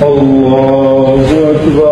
Allahu Akbar.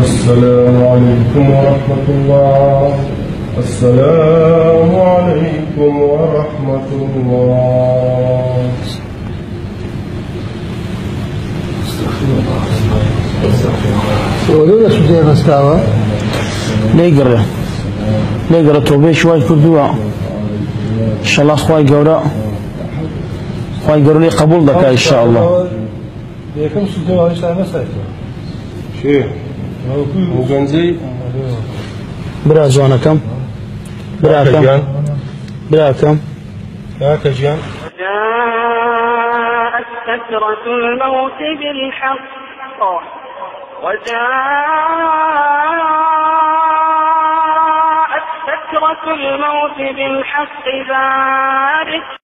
السلام عليكم ورحمة الله السلام عليكم ورحمة الله ودولا سوزي غستاوة نقرأ نقرأ توبة شوي كردوا إن شاء الله خواي قورا خواي قورا لي قبول دكا إن شاء الله بيكم سوزي غستاوة مساجة شيخ و گەنجی برا جوانەکەم براکەم براکەم کاکە گیان سكرة الموت بالحق وجاءت سكرة الموت بالحق ذلك